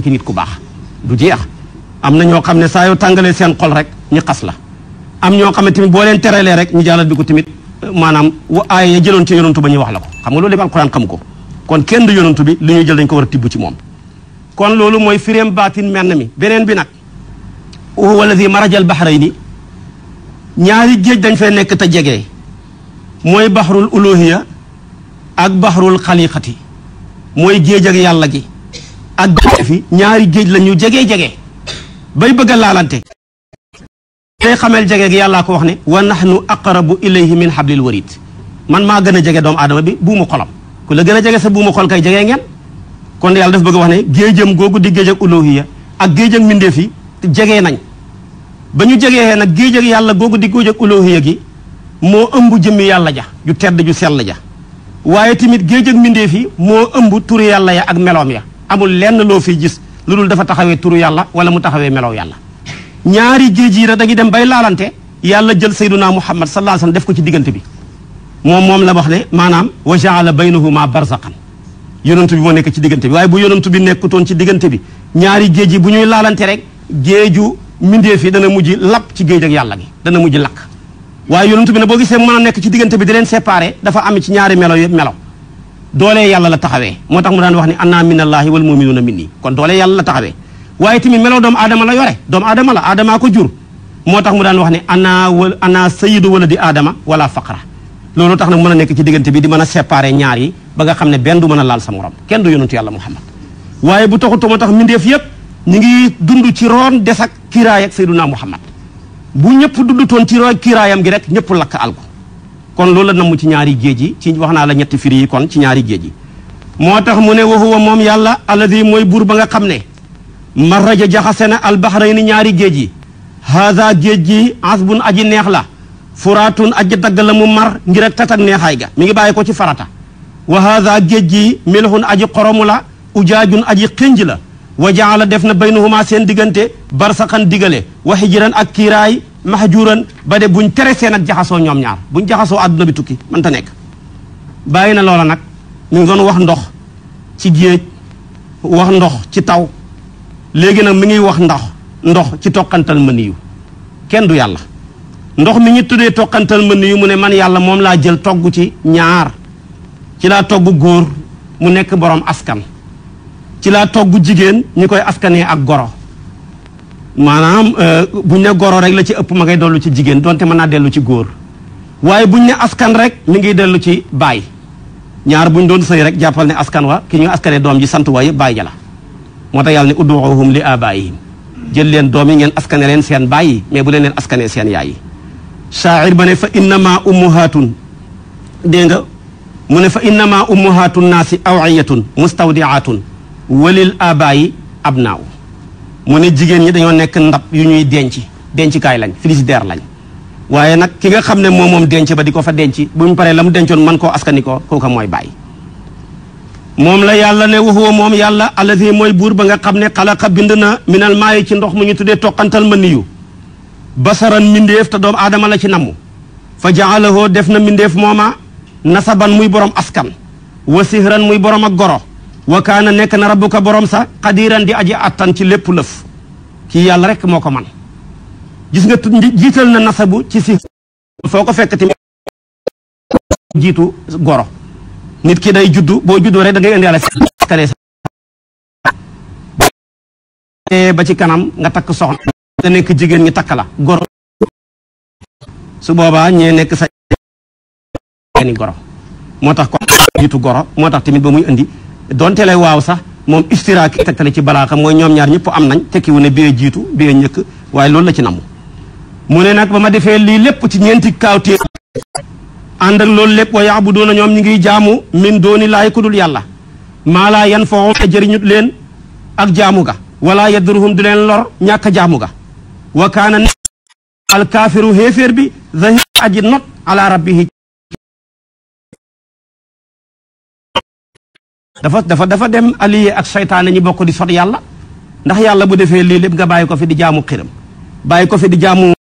ko ci nit ku bax du jeex am na ñoo xamne sa yo yoo tàngalee seen xol rek ñi xass la am ñoo xamne ne bo len rek ñu jàllal bi ko manam euh, wa ay ya jëlon ci yonantu ba ñi wax la ko xam nga lolu alquran xam ko kon kenn du yonantu bi li ñu jël dañ ko wara tibbu ci mom kon lolu moy firem batin menn mi benen bi nak huwa marajal bahrayni ñaari géej dañ fay nekk ta jege moy bahrul uluhiyya ak bahrul khaliqati moy géej ak yalla gi ak fi ñaari géej la ñu jege jege bay bëgg a laalante. day xamel jege gi yàllaa ko wax ne. wa nahnu aqrabu ilayhi min hablil warid man maa gën a jege doomu aadama bi buuma xolam ku la gën a jege sa buuma xol kay jege ngeen kon yàlla daf bëgg a wax ne géejam googu di géej ak uluhiya ak géej ak mbindeef yi jege nañ ba ñu jegee nag géej yàlla googu di géej ak uluhiya gi moo ëmb jëmmi yàlla ja ju tedd ju sell ja waaye tamit géej ak mbindeef yi amul lenn loo fiy gis lu dul dafa taxawee turu yàlla wala mu taxawee melow yàlla ñaari géej yi dañuy dem bay laalante yàlla jël sayduna muhammad sallallahu alayhi wasallam def ko ci diggante bi moom moom la wax ne maanaam wa jaala baynahuma barzaqan yonentu bi moo nekk ci diggante bi waaye bu yonentu bi nekkutoon ci diggante bi ñaari géej yi bu ñuy laalante rek géeju mbindeef fii dana mujj lapp ci géej ak yàlla gi dana mujj lakk waaye yonentu bi ne boo gisee mën nekk ci diggante bi di leen séparé dafa am ci ñaari melo yëpp melo doole yàlla la taxawee moo tax mu daan wax ni anna minallaahi wal muminuuna minni kon doole yàlla la taxawee waaye tamit melo doomu aadama la yore doomu aadama la aadamaa ko jur moo tax mu daan wax ne ana wal ana sayidu wala di aadama wala faqra loolu tax nag mën a nekk ci diggante bi di mën a séparer ñaar yi ba nga xam ne benn du mën a laal sa morom kenn du yonentu yàlla muhammad waaye bu taxutu moo tax mindeef yëpp ñu ngi dund ci roon des ak kiiraay ak sayduna muhammad bu ñëpp dund toon ci roon kiiraayam gi rek ñëpp lakk alko kon loolu la namm ci ñaari géej yi ci wax naa la ñetti firi yi kon ci ñaari géej yi moo tax mu ne wa huwa moom yàlla alladi mooy buur ba nga xam ne maraja jaxase na albahrayni ñaari géej yi haza géej gi asbun aji neex la furaatun aji dagg la mu mar ngir ak tat neexaay ga mi ngi bàyyi ko ci farata wa haza géej gi milxun aji xoromu la ujaajun aji xinj la wa jaala def na baynahuma seen diggante barsaxan digale wa hijiran ak kiiraay mahjuran ba de buñ teresee nag jaxasoo ñoom ñaar buñ jaxasoo àdduna bi tukki mën ta nekk bàyyi na loola nag ñu ngi doon wax ndox ci géej wax ndox ci taw léegi nag mi ngi wax ndox ndox ci ma mëniyu kenn du yàlla ndox mi ñu tuddee toqantal mëniyu mu ne man yàlla moom laa jël toggu ci ñaar ci laa toggu góor mu nekk boroom askan ci laa toggu jigéen ñi koy askanee ak goro maanaam euh, buñ ne goro rek la ci ëpp ma ngay dollu ci jigéen donte mën naa dellu ci góor waaye buñ ne askan rek mi ngi dellu ci baay ñaar buñ doon sëy rek jàppal ne askan wa ki ñu askane doom ji sant wa yëpp baay ja moo tax yàlla ne udduuhum li abaayihim jël leen doom yi ngeen askane leen seen baay yi mais bu leen leen askane seen yaay yi shaa'ir ba ne fa innama ummuhaatun dégg nga mu ne fa innama ummuhaatun naasi awiyatun mustawdiaatun walil abaayi abnaaw mu ne jigéen ñi dañoo nekk ndab yu ñuy denc dencukaay lañ frigidaire lañ waaye nag ki nga xam ne moom moom denc ba di ko fa denc bu mu paree la mu dencoon man koo askani ko kooka mooy bàyyi moom la yàlla ne waxuwa moom yàlla allazi mooy buur ba nga xam ne xalaqa bind na minal maayi ci ndox mu ñu tuddee toqantal ma niyu basaran mindeef ta doom aadama la ci namu fa jaalahoo def na mindeef mooma nasaban muy borom askan wa sihran muy borom ak goro wa neka nek na rabbuka borom sa qadiran di aji attan ci lepp leuf ki yalla rek moko man gis nga jital na nasabu ci si foko ko fekk goro nit ki day juddu bo juddu rek da ngay indi yàlla kare ba ci kanam nga tak soxna da nek jigen ñi takala goro su boba ñe nek sa ni goro motax ko jitu goro motax timit bumi ba muy andi donte lay waaw sax moom istiraak tegtale ci balaaxa mooy ñoom ñaar ñëpp am nañ wu ne bee jiitu bee njëkk waaye loolu la ci namu mu ne nag ba ma defee lii lépp ci ñeenti kaawtée ànd ak loolu lépp wa yaabuduuna ñoom ñi ngiy jaamu min dooni laay ku dul yàlla maa laa yan faxoon te leen ak jaamu ga wala yadduruhum du leen lor ñàkk a jaamu ga wa kaana alkaafiru xéeféer bi zahir aji not ala rabbihi dafa dafa dafa dem allié ak shaytan ñi bokk di sot yàlla ndax yàlla bu defé li lépp nga bayiko fi di jaamu xiram bayiko fi di jaamu